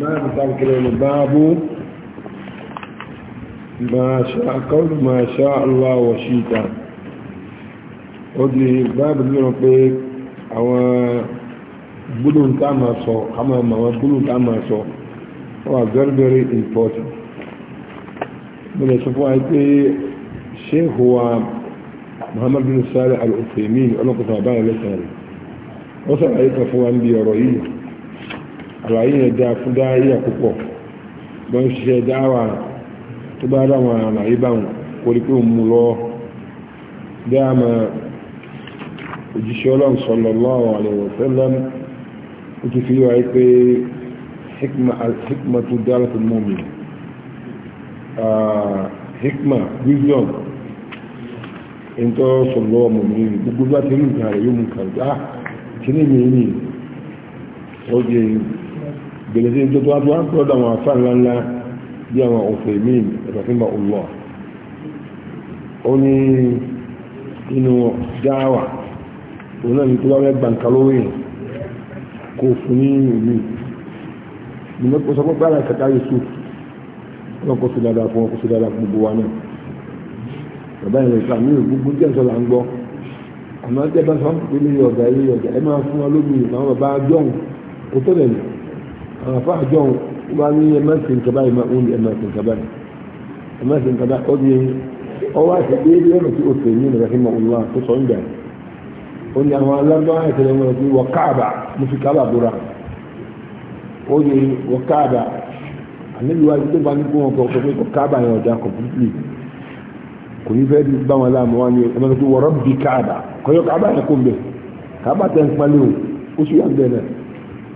ما بتذكر باب ما شاء قول ما شاء الله وشيتا ودي باب اللي بيك او بدون كما سو كما ما بدون كما سو هو very very important من سوف ايتي شيخ هو محمد بن صالح العثيمين انا كنت بعمل له وصل عليك فوان بيرويه àlàyé yẹn dáa fún dáríyà púpọ̀ bọ́n ṣiṣẹ́ dáwà tó bá dáwọn àlàyé báwọn kò rí pé òun mú lọ dáàmà òjíṣẹ́ ọlọ́run sallallahu alaihi wasallam ó ti fi wáyé pé hikma tó dára tó mú mi hikma wisdom in tó sọ̀lọ́ ọmọ mi gbogbo bá ti rí ìgbà rẹ̀ yóò mú kàrí ah kí ní mi ní ọjọ́ yìí gbèlèsè ìjọ tó wá tó wá lọ́dọ̀ àwọn afá ńlá ńlá bí àwọn òfin míì ìtàkùnbà ọlọ́ ó ní inú dáwà òun náà ní tó wá fẹ́ gbàǹkà fún ní ìlú ìmọ̀ kò sọ pé bára kàkà Yusuf wọn kò sí dáadáa fún wọn kò sí dáadáa fún gbogbo wa náà bàbá ìrìn ìsà mi ò gbogbo díẹ̀ sọ là ń gbọ́ àmọ́ tẹ́ bá sọ pé ní ọ̀gá ilé ọ̀gá ẹ máa fún wa lómi ìfàwọn bàbá jọ̀hún kò tẹ́lẹ̀ nù رفع جو يعني مثل كباي ما أقول مثل كباي مثل كباي kaba أو أكيد لما تقول فينين رحمه الله تصعون ده قلنا هو الأربعة كلمة وكعبة مش كعبة برا أدي وكعبة àníbi wáyé tó bá ní kó wọn kọ pé ni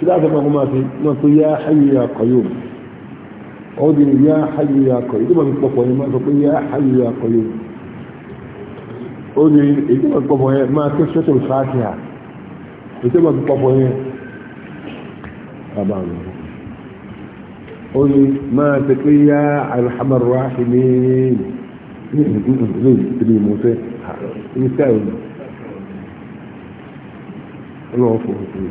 كلا ما في نقول يا حي يا قيوم أودي يا حي يا قيوم ما بتقف ما تقول يا حي يا قيوم أودي إذا ما بتقف ما كشفت الفاتحة إذا ما بتقف أبعد أودي ما تقول يا أرحم الراحمين ليه تبي موسى يستاهل الله يغفر له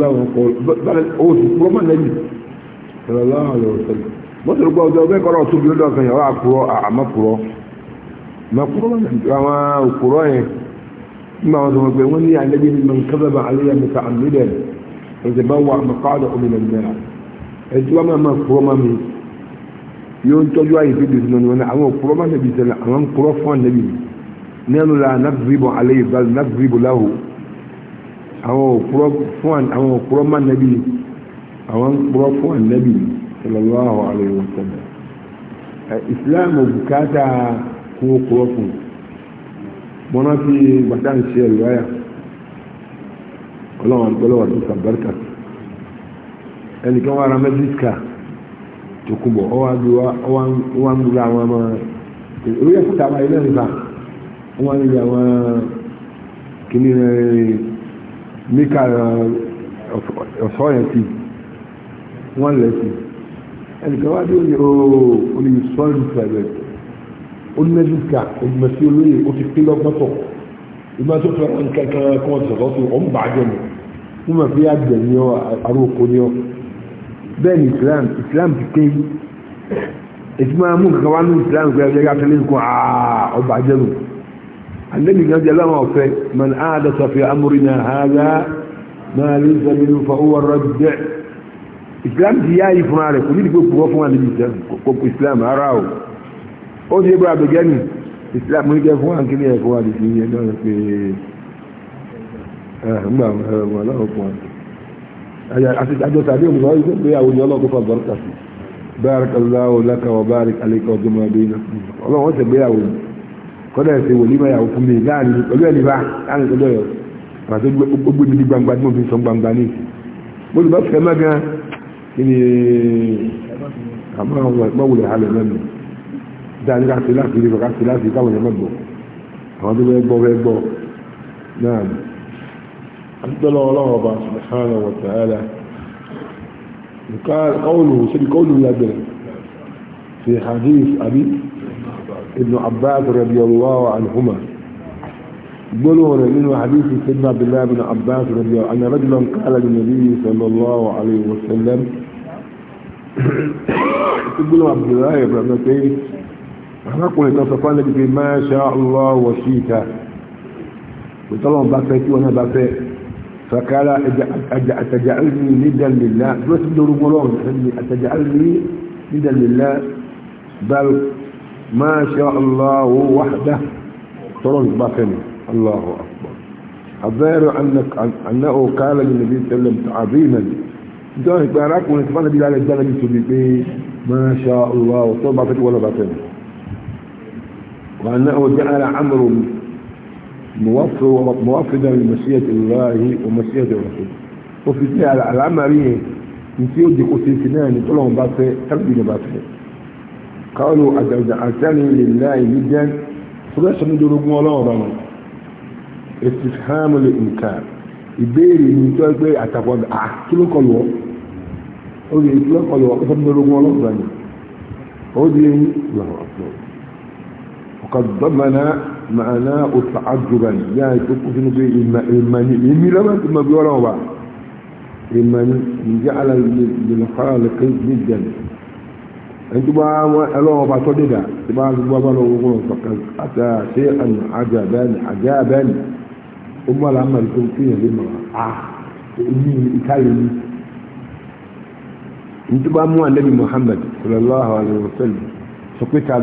láwọn kọ oṣù tó mọ̀ lẹ́yìn sọlọ́lá àlọ́ sọlọ́ wọ́n sọ̀rọ̀ pé ọjọ́ bẹ́ẹ̀ kọ́rọ̀ tó bí lọ́dọ̀ kan yàrá àkúrọ̀ àmọ́kúrọ̀ mọ́kúrọ̀ àwọn òkúrọ̀ yẹn nígbà wọn sọ wọn pé wọ́n ní àlẹ́bí ní mọ̀ nǹkan bẹ́ẹ̀ àlẹ́yà mẹ́ta àmìlẹ̀ ẹ̀jẹ̀ bá wà mọ̀kádọ̀ òmìnira mẹ́ra ẹ̀jẹ̀ wọn máa kúrọ̀ mọ́ mi yóò ń tọ́jú àyè tó dùn ní àwọn òkúrọ̀ má nẹ̀bi sẹ́lẹ̀ àwọn kúrọ̀ fún ànẹ́bi nẹ́nu la nàfìbò àlẹ́yìn àwọn òpùrọ́ fún àwọn òpùrọ́ má nẹ́bí àwọn òpùrọ́ fún ànẹ́bí sallallahu alaihi wasallam islam ò bùkátà kún òpùrọ́ fún mọ́nà fi bàtà ń ṣe ẹ̀rọ ayà ọlọ́wọ́n àgbẹ̀lọ́wọ́ àti sàbẹ́rẹ́kà ẹnìkan wà ra mẹ́tíríkà tó kú bọ̀ ọwọ́ àgbẹ̀wá ọwọ́ àgbẹ̀wá àwọn ọmọ orí ẹ̀kúta wa ilé ìfà wọ́n wá níbi àwọn kìnìún make ọ̀sọ́ yẹn sí wọ́n lẹ̀ sí ẹnìkan wá dé òní ooo òní sọ́ọ̀lù fẹ̀rẹ̀ onímẹ̀dúkà ìgbìmọ̀sí olóyè ó ti pín lọ́gbọ́tọ̀ ìgbìmọ̀sí fẹ́ràn kankan kan sọ̀rọ̀ sí ọ̀n bàjẹ́ mi wọ́n mọ̀ pé àgbẹ̀ ni ọ aróko ni ọ bẹ́ẹ̀ ni Islam Islam ti ké ètí máa mú kankan wá ní Islam pé ẹgbẹ́ yàtọ̀ lẹ́yìn kan ọ̀bàjẹ́ mi. النبي جل جلاله في من عادة في أمرنا هذا ما ليس منه فهو الرجع إسلام تياي فنالي كل يقول كوفوا النبي كوب إسلام أراو أو دي برا إسلام من جفوا عن كل يقوا الدنيا ده في آه ما ولا هو لا أسيت أجل تعليم غايز بيا ولي الله كفر بركاته بارك الله لك وبارك عليك وجمع بينك والله وانت بيا ولي kọ́dọ̀ ẹ̀sẹ̀ wòlí máa yàwó fún mi láàrin pẹ̀lú ẹ̀lì bá láàrin kọ́dọ̀ ẹ̀ pàtó gbogbo ibi gbangba tí mo fi sọ gbangba ní olùbá fẹ́ má gan kí ni àmọ́ àwọn wòlẹ̀ halẹ̀ lẹ́nu dáadé ká sí láti rí ká sí láti káwọn yẹn mẹ́gbọ̀ àwọn tó fẹ́ gbọ́ fẹ́ gbọ́ náà ni àtúntọ́lọ́ ọlọ́wọ́ bá subhanahu wa nǹkan kọ́wùlù sí kọ́wùlù yàgbẹ̀rẹ̀ fi hadith àbí ابن عباس رضي الله عنهما قلوا من حديث سيدنا عبد الله بن عباس رضي الله عنه رجلا قال للنبي صلى الله عليه وسلم تقولوا عبد الله بن عباس احنا قلت تصفان لك بما شاء الله وشيك وطلعوا بافيك وانا بافيك فقال أتجعلني ندا لله بس بدون أتجعلني ندا لله بل ما شاء الله وحده ترى باقني الله أكبر الظاهر أنك أنه قال للنبي صلى الله عليه وسلم عظيما دونك بارك ونتمنى بي على الجنة بسببه ما شاء الله ترى باقني ولا باقني وأنه جعل موفر وموفدا لمشيئة الله ومشيئة الرسول وفي العمليه يمكن يدي قتل سنان يقول لهم باقي قلبي قالوا أدعتني لله جدا فلاسة من دلوقون الله رمو استفهام الإنكار إبيري من تلك بي أتفاد أحكلك آه، الله أولي إطلاق الله أقفة من دلوقون الله رمو الله أكبر وقد ضمن معنى التعجبا يعني تقف نبي إماني إمي لما تبقى بيولا وبعد إماني جعل للخالق جدا a ẹlọ́wọ́ bá tọ́ Muhammad wa sallam sọ pé ta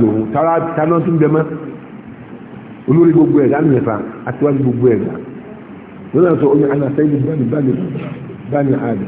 lòun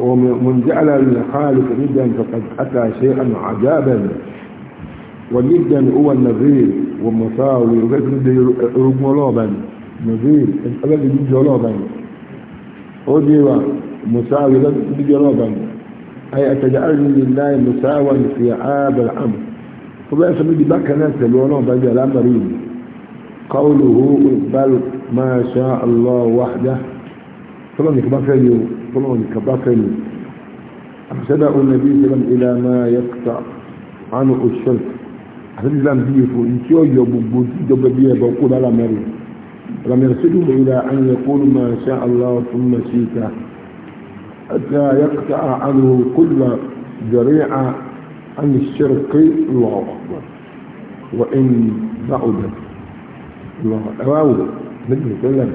ومن جعل للخالق ندا فقد أتى شيئا عجابا والندا هو النظير والمساوي وغير لوبا نظير الذي لوبا أوديوا مساوي الذي لوبا أي أتجعل لله مساوى في عاب الأمر فبقى سميدي بقى ناس الولوم لا الأمرين قوله بل ما شاء الله وحده طبعا يكبر fọ́lọ́wọ́ ní kàbákẹ́ ni kabake النبي صلى الله islam ilá máa yẹ kàtà ánú òṣèl àṣẹ́dá islam bí i fún ìtí ọ̀yọ́ gbogbo ìjọba لم يرشدوا إلى أن يقولوا ما شاء الله ثم شيكا حتى يقطع عنه كل ذريعة عن الشرق الله أكبر وإن بعد الله أواو نجم سلم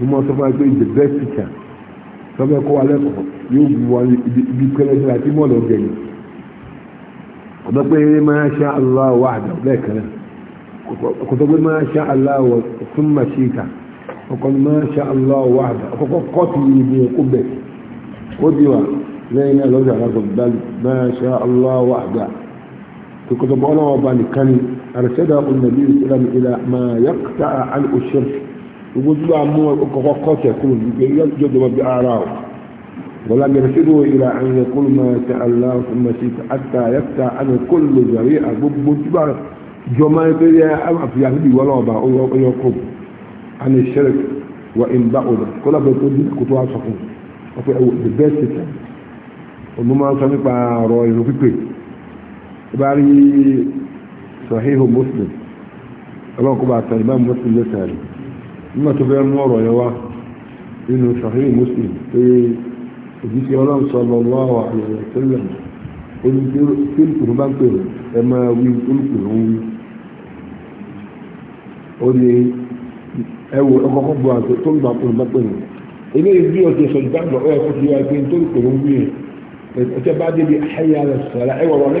هم صفات الدباسكة tọ́bẹ̀ kó wa lẹ́kọ̀ọ́ yóò bu wa ibi pẹlẹsẹ àti mọ́ọ̀lù ọ̀gẹ̀ yìí ọ̀dọ́ pé masha Allah wahda lẹ́ẹ̀kan náà kò tó pé masha Allah thumma shi'ta ọkọ̀ masha Allah wahda ọkọ̀ kọ́ọ̀tù yìí ni kó bẹ̀ kó bí wa lẹ́yìn náà lọ́jà alágbọ̀n bẹ́ẹ̀ masha Allah wahda tó kò tó bọ́ ọlọ́wọ́ bá nìkan ni arshadahu an-nabiy sallallahu alaihi wasallam ila ma yaqta'a anhu ash-shirk gbogbo tí wàá mú ọkọ̀ kọ́tẹ̀ kúrò wípé yọjọba bí ara o wọlá yẹrẹsídò ìlà àyẹ kúrò máa tẹ aláwọ mẹsì àtà yẹta àmì kúrò lè jàrí àgbogbo tí wàá jọ máa ń pèrè àfihà níbi ìwọlọ ọba ọyọkọ àmì sẹrẹ wà ìmbà ọdọ kọlá bẹ tó di kótó wàá sọkùn ọpẹ ẹwọ the best system ọmọ máa ń sọ nípa ọ̀rọ̀ ìrò pípé bá rí sahihu muslim ọlọ́kùnrin àtàlùmá muslim lẹ́sàrẹ̀ nígbà tó fẹ́ mú ọ̀rọ̀ yẹn wá nínú sahih muslim pé òjíṣẹ́ ọlọ́run sallallahu alaihi wa sallam olùkùnrin bá ń pè rẹ̀ ẹ máa wí olùkùnrin ń wí ó ní ẹwọ ọkọ̀ọ̀kọ̀ bu àti tó ń gbà kùnrin bá pè rẹ̀ eléyìí bí ọ̀sẹ̀ sọ ìgbàgbọ́ ẹ̀ kó ti wá pé tó olùkùnrin wí ẹ̀ ẹ̀tẹ́ bá débi hayya ala salat ẹ̀wọ̀ wọn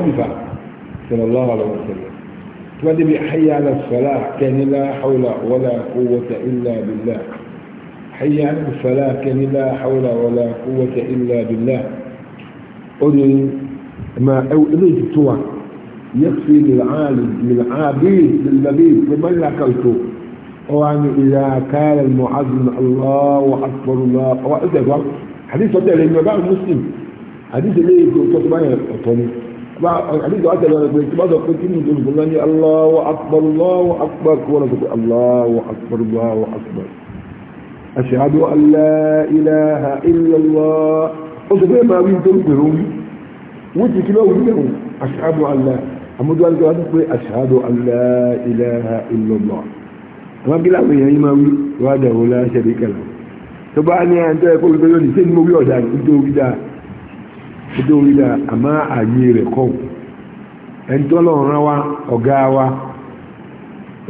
فدي حي على الفلاح كان لا حول ولا قوة إلا بالله حي على الفلاح كان لا حول ولا قوة إلا بالله أولي ما أو إليه توا يكفي للعالم للعابد للبيت لمن أكلته وعن إذا كان المعظم الله أكبر الله وأكبر حديث صدق لأنه بعض المسلم حديث ليه تطبعي àdìsí wa tẹ̀lé ọ̀rẹ́ tí wọ́n sọ pé kí ni ìjọba ìjọba ní Allahu akbar Allahu akbar kí wọ́n sọ pé Allahu akbar Allahu akbar ashhadu an la ilaha illallah ó sọ pé máa wí nítorí pèrò wí wọ́n ti kí lọ́wọ́ nígbà wọn ashhadu an la àmójú àdìsí wa pé ashhadu an la ilaha illallah àwọn abílẹ̀ àwọn èèyàn yìí máa wí wàá dàrú la sharika lahu tó bá ní àjọ ẹ̀kọ́ olùgbé lónìí sẹ́ni mo wí ọ̀dà nítorí dáa ojú orí la àmọ́ àyè rẹ̀ kọ́ ẹni tó lọ́wọ́ rán wa ọ̀gá wa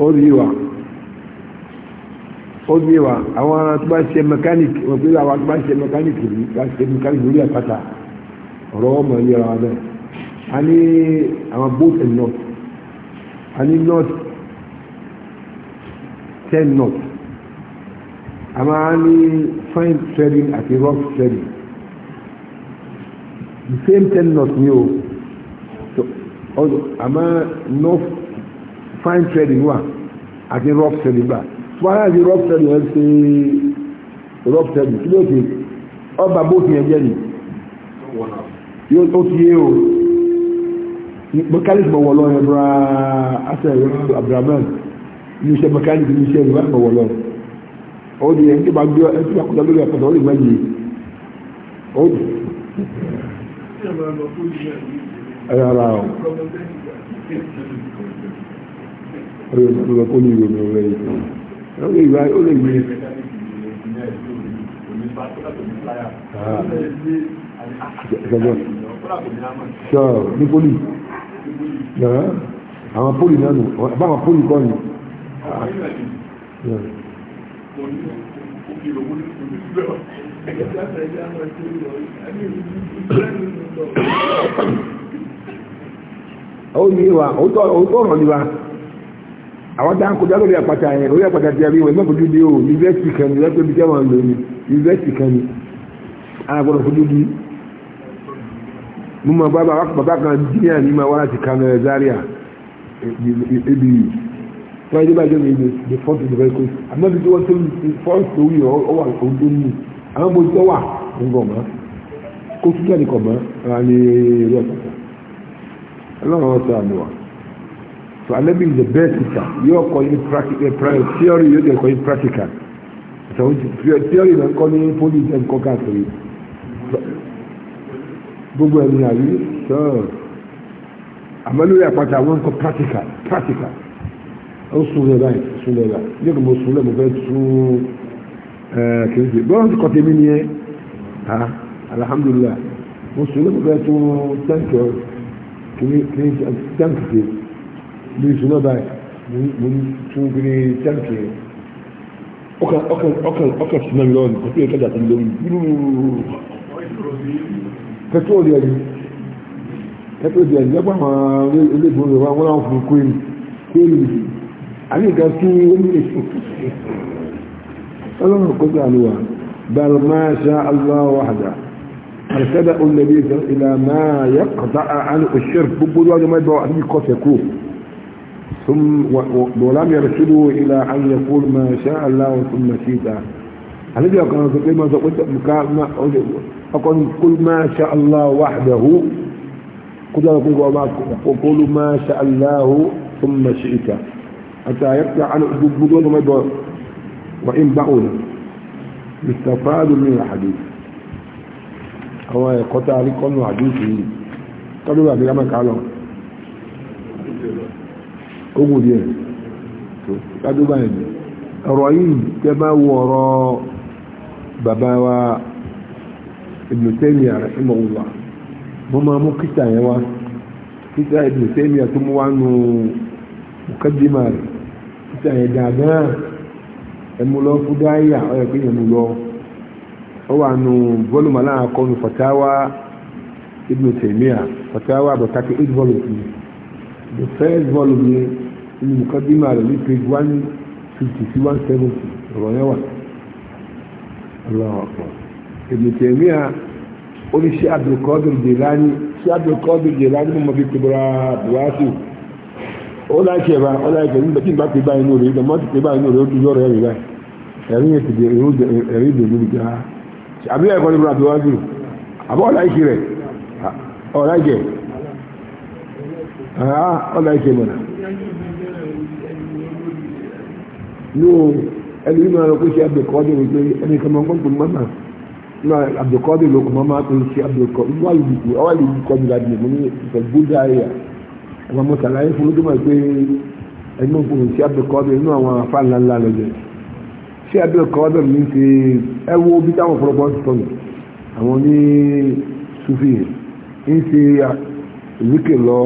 ó rí wa ó rí wa àwọn ará tó bá ṣe mẹkáníkì wọ́n pé àwọn tó bá ṣe mẹkáníkì rí bá ṣe mẹkáníkì lórí àpáta ọ̀rọ̀ ọmọ ilé ara bẹ́ẹ̀ a ní àwọn both and north a ní north ten north a máa ní fine trading àti rough trading the same ten knot ni o àmọ́ no fine trading wà àti rough threading gbà wàhálà àti rough threading ẹ̀ ṣe rough threading kí ló dé ọba bó ti yẹn jẹ́ ni yóò tó ti yé o mẹkáníkì bọ̀wọ̀ lọ yẹn bra asẹ̀ abdulrahman ní iṣẹ́ mẹkáníkì ní iṣẹ́ ìwà bọ̀wọ̀ lọ ó di ẹ̀ ń tí bá gbé ẹ̀ tí bá kọjá lórí ẹ̀kọ́ tó rí mẹ́yìí ó di. Ara ọ̀. Ọ̀rẹ́ ìgbàlọ́ kó ní ìròmí ọ̀rẹ́ ìgbà. Ọ̀rẹ́ ìgbà ó lè gbé. Ìjọba. Sọ ní pólì. Àwọn pólì náà nù. Báwọn pólì kọ́ ní òkú ó ní wa òótọ́ ọ̀rọ̀ ni wa àwọn tá à ń kọjá lórí àpáta yẹn lórí àpáta tí a rí wọn ìmọ̀ fojú di o yunifásitì kan ní lẹ́pẹ́ bí jẹ́wọ̀n lò ní yunifásitì kan ní àgbọ̀dọ̀ fojú di mo mọ bàbá bàbá kan jíníà ní ma wá láti Kano Zaria ebi yìí tí wọ́n yé bá jẹ́ mi ní the fourth of the vehicle àmọ́ bí wọ́n tó ní fourth lórí ọ̀ wà òun tó ní àwọn gbogbo tó wà ńgọ̀ mọ́ kó tún jáde kọ̀ mọ́ ara ní ilé ọ̀pọ̀pọ̀ ọlọ́run ọ̀sẹ̀ àmìwà so alẹ́bí is the best teacher yóò kọ́ ní eh, theory yóò dẹ̀ kọ́ ní practical so theory náà kọ́ ní poli jẹ́ nǹkan káàkiri gbogbo ẹ̀mí àrí sọ́ọ̀ àmọ́ lórí àpáta àwọn nǹkan practical practical ó sùn lẹ́bàá yìí sùn lẹ́bàá yóò kọ́ mo sùn lẹ́bàá mo fẹ́ sùn kìí bọ́n ti kọ̀tẹ̀ mi nìyẹn ha alhamdulillah bẹ́ẹ̀ tó tẹ́ǹkì kìí tẹ́ǹkì báyìí mo tún kiri tẹ́ǹkì mi ìkẹ́jà tó ń فلم يقض أهلها بل ما شاء الله وحده أرتدى النبي إلى ما يقطع عن الشرك ببضاء ما يبقى أهل قف يكون ثم ولم يرشدوا إلى أن يقول ما شاء الله ثم شيدا هل يبقى أن تقول ما تقول مكان أقول قل ما شاء الله وحده قل ما قل ما شاء الله ثم شيدا حتى يقضع عن ببضاء ما يبقى وإن بعونا يستفاد من الحديث هو يقطع لكم حديثه قالوا بعد كما قالوا ogun díẹ̀ kájú báyìí ọ̀rọ̀ yìí tẹ́ bá wọ ọ̀rọ̀ bàbá wa Ibn Taymiyyah rahimahullah wọ́n máa mú kíta yẹn wá kíta Ibn Taymiyyah tó mú wá nù mukaddima rẹ̀ kíta yẹn dáadáa Emulo fúdáyà ọyọ pé yẹn mú lọ ó wà nù volume aláàkọ́ fatawa ibn taymiya fatawa about thirty eight volumes the first volume ni inú mukadima rẹ̀ page one fifty sí one seventy ọ̀rọ̀ yẹn wà ọlọ́wọ́ n ẹ̀rí èsì di ẹ̀rí ìdòdó ní gbà àbí ẹ̀kọ́ ní bùrọ̀ àbíwájú àbọ̀ ọ̀la ìṣe rẹ̀ ọ̀la ìṣe ah, ọ̀la ìṣe mọ̀nà. ní ẹni nínú ẹ̀rọ kó ṣe abdulkadir wípé ẹni kan máa ń gbọ́n mọ́mà ní abdulkadir ló kọ́ mọ́mà tó ń ṣe abdulkadir wọ́n lè dìbò ọwọ́ lè dìbò kọ́jú láti mú ní ìfẹ̀gbọ́dọ̀ àríyá ẹ̀ma ṣé abdul kawadar ní ṣe ẹ wo bí táwọn ọ̀pọ̀lọpọ̀ ti sọ̀rọ̀ àwọn ní sufi ń ṣe zikir lọ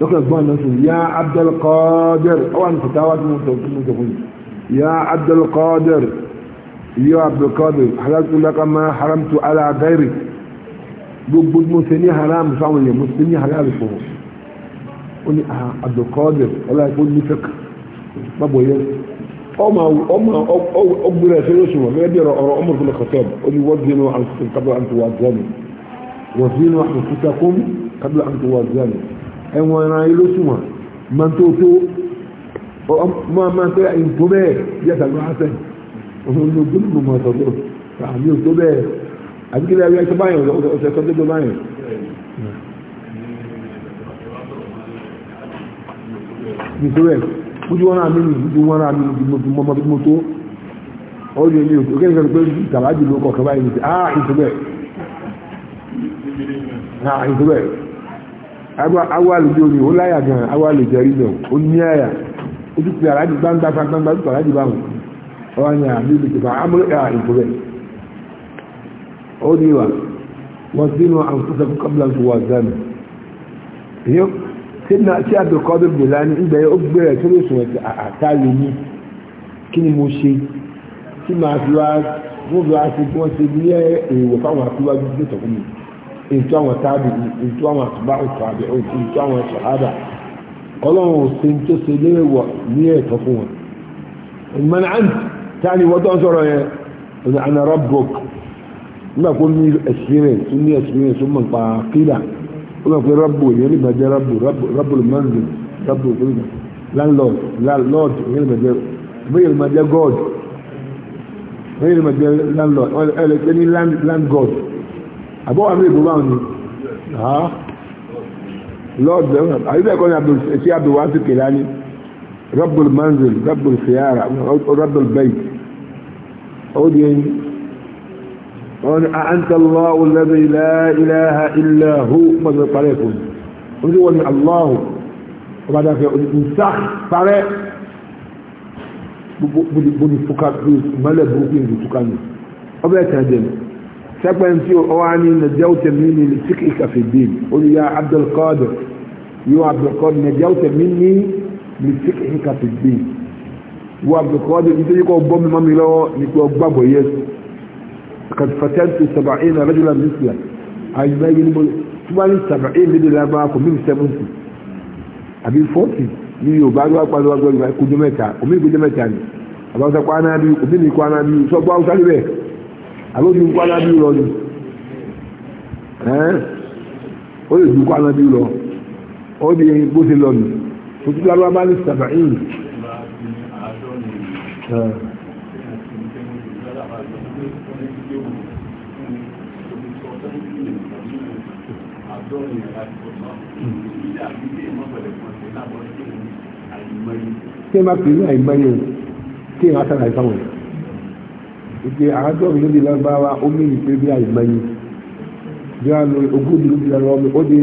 lọ́kàn gbọ́n náà sùn yá abdul kawadar ọwọ́ àti fatawa tí mo sọ fún mi yá abdul kawadar yá abdul kawadar halatu laka ma haramtu ala gairi gbogbo mo ṣe ní haram fáwọn èèyàn mo ṣe ní halal fún wọn ní ah, abdul kawadar ọmọ ọmọ ọgbìnrin ẹ̀sẹ̀ lóṣù wọn lẹ́bí ọ̀rọ̀ ọmọ ìfúnlẹ̀ kọ̀tọ́b ó ní wọ́n dínú àǹtí kábílà àǹtí wà zẹ́nu wọ́n dínú àǹtí takùn kábílà àǹtí wà zẹ́nu ẹ̀wọ̀n ẹ̀rọ ayé lóṣù wọn máa ń tó tó máa máa tẹ́ ìtò bẹ́ẹ̀ bí ẹ̀sà ló hásẹ̀ ọmọ ìlú gbólùmù mọ̀ ọ̀tọ̀ àmì òtó bẹ́ẹ̀ àbíkílẹ̀ ẹ̀rọ ẹ̀sẹ̀ báyìí ọ̀sẹ̀ sọ́dọ̀ báyìí nítorí ẹ̀ ojú wọn náà mi nù ojú wọn náà mi nù bí mo mọ bí mo tó ó lè ní òkè kékeré pé tàbájì ló kọ̀ọ̀kan báyìí nìyí ah ìtúbẹ̀ ah ìtúbẹ̀ awa lè jẹ́ omi ó láyà gan awa lè jẹ́ rí náà ní àyà ó ti pè aláàjì gbangba gbangba ó ti pè aláàjì báwọn ọwọ́ ni àbí ibi amúlẹ̀ ah, ah ìtúbẹ̀ ó ní wa wọ́n sínú àǹfọ̀sẹ̀kú kábílà tó wà zánì sẹ́dínà tí abdulkadir Jilani ń bẹ̀rẹ̀ ó gbẹ̀rẹ̀ tó lè sọ̀rọ̀ tí àtàlù ní kí ni mo ṣe tí màá fi wá mo fi wá sí kí wọ́n ṣe ní èèwọ̀ fáwọn akíwájú tó tọ̀ fún mi ètò àwọn táàbì ètò àwọn àtúbà ètò àbẹ̀ ètò àwọn sàhábà ọlọ́run ò ṣe tó ṣe léèwọ̀ ní ẹ̀tọ́ fún wọn. ìmọ̀nà àǹtí táàní wọ́n tó ń sọ̀rọ̀ yẹn ọ̀nà àná rọ́bùk nígbà kó ní experience ó ní experience ó mọ̀ nípa kílà wọ́n rabu. fi rọ́bù yẹn ní ìbàjẹ́ Rabu, rabu mọ́ndì rọ́bù kúrìnà landlord landlord yẹn ní ìbàjẹ́ bóyá ní ìbàjẹ́ god bóyá ní ìbàjẹ́ landlord ẹ lè pè ní land god àbọ̀ wà mí ìbò báwọn ni lord àyùbá ẹ̀kọ́ ní ṣé abdulwa ti kèlá ni rọ́bù mọ́ndì rọ́bù fìyàrá rọ́bù bẹ́ẹ̀ ó di ẹyin. قال أأنت الله الذي لا إله إلا هو ماذا طريقون قلت هو الله وبعد ذلك انسخ طريق بني فكاك ملا بروكين بتكاني أبدا تهدم سأقبل أنت أواني نجوت مني لسكئك في الدين قل يا عبد القادر يا عبد القادر نجوت مني لسكئك في الدين وعبد القادر إنت يقول بوم مامي لو يقول بابو يسو قد فتنت سبعين رجلا مثلا àìgbẹ́yìn tíwárí sàbàáyé lédè lágbára kò mímu sẹ́fúntì àbí fọ́ọ̀tì ní yorùbá ló wá pàdé wá gbọ́dọ̀ ìkójọ mẹ́ta omi ìkójọ mẹ́ta ni àbáwọ́sá kó aná bí omi ní kó aná bí sọ́gbọ́ haúsá níbẹ̀ àbójú kó aná bí lọ ni ó lè dùn kó aná bí lọ ó di bó ṣe lọ ni òtútù alábá ní sàbàáyé. tí ẹ máa pè ní àìgbáyé o tí ẹ máa sára ìfáwọn ìpè àádọ́rin lóde lágbára omi ìpè bí àìgbáyé bí a lo ogójì lóde lágbára omi ó di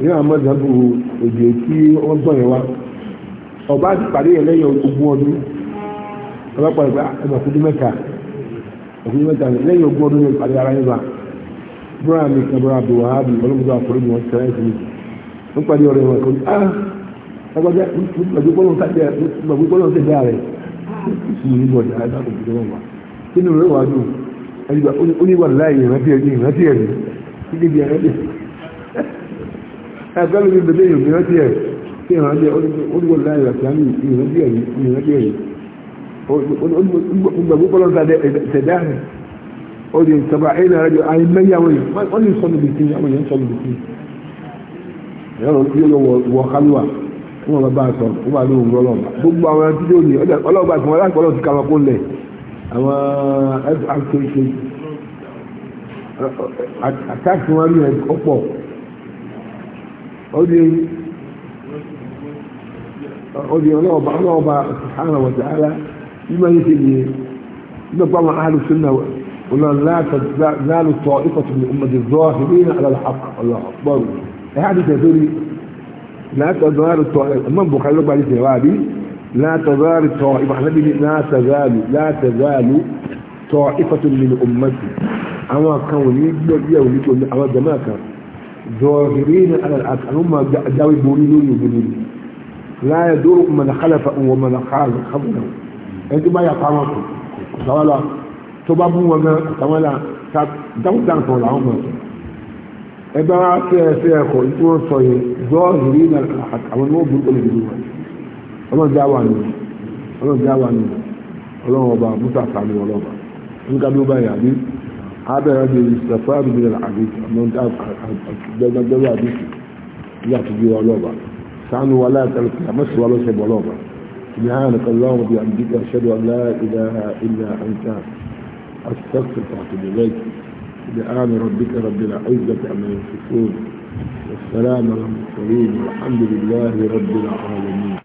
ní àwọn mọ́tàbù èdè tí wọ́n yẹn wá ọba àti yẹn lẹ́yìn ogún ọdún ọba pàdé pé ẹ kúndú mẹ́ta mẹ́ta lẹ́yìn ogún ọdún yẹn pàdé ara yẹn mi ọlọ́mọdé àkọ́rẹ́ mi wọ́n ti sẹ́yìn ọgbọ́jẹ́ gbàgbégbọ́lọ́ tẹ̀lé ààrẹ ìsinmi bọ̀dẹ̀ àìsàkùn tó wọ́n wà nínú rẹ̀ wà dùn ẹgbà oníwà láàyè ìrántí ẹni ìrántí ẹni títí di ẹ̀rẹ́dẹ̀ ẹgbẹ́ lórí bẹ̀bẹ̀ ìrántí ẹ̀ tí ìrántí ẹ̀ oníwà láàyè ìrántí ẹni ìrántí ẹni gbàgbégbọ́lọ́ tẹ̀lé ààrẹ ó di ìtọ́ba ẹ̀yìn àrẹ́jọ àìmẹ́yàwó yìí wọ́n ní sọ́nù bìtì àwọn èèyàn sọ́nù bìtì ẹ̀rọ yóò wọ wọn bá bá a sọ wọn bá lóhùn gbogbo àwọn ẹni tí yóò ní wọn ti lẹ̀ àwọn àtàkì wọn ọ̀pọ̀ ọdún ọlọ́ọ̀bà ọlọ́ọ̀bà yìí àwọn لا تزال الطائفة من بخاري لقب عليه الوابي لا تزال الطائفة لا تزال لا تزال طائفة من أمتي أما كوني يولي أما جماعة ظاهرين على الأرض هم داوي بولينون يبولون لا يدور من خلف ومن خلفه أنت ما يطعمكم سوالا تبابون وما سوالا تبابون وما سوالا ẹgbẹ́ wa fẹ́ ẹsẹ̀ ẹ̀kọ́ tí wọ́n sọ yìí zọ́ọ̀lù rí nà àwọn ọmọ burúkú lè dìbò wọn ọlọ́run já wà nínú ọlọ́run já wà nínú ọlọ́run ọba musa sàmì ọlọ́ba nígbà tó báyìí àbí abẹ́rẹ́ bí ìṣẹ̀fọ́ àbíbi nà àbí ọmọdébẹ́gbẹ́gbẹ́ àbí ìyá tó gbé wa ọlọ́ba sànù wa láàkàlù kí àmọ́ lọ́sẹ̀ bọ̀ ọlọ́ba سبحانك اللهم سبحان ربك رب العزة عما يصفون والسلام على المرسلين والحمد لله رب العالمين